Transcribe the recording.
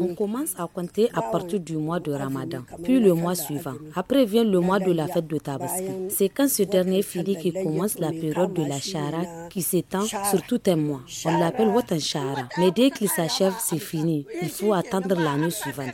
On commence à compter à partir du mois de Ramadan, puis le mois suivant. Après vient le mois de la fête de Tabaski. C'est quand ce dernier finit qui commence la période de la Shara qui s'étend sur tout un mois. On l'appelle Watan Shara. Mais dès qu'il s'achève, c'est fini. Il faut attendre l'année suivante.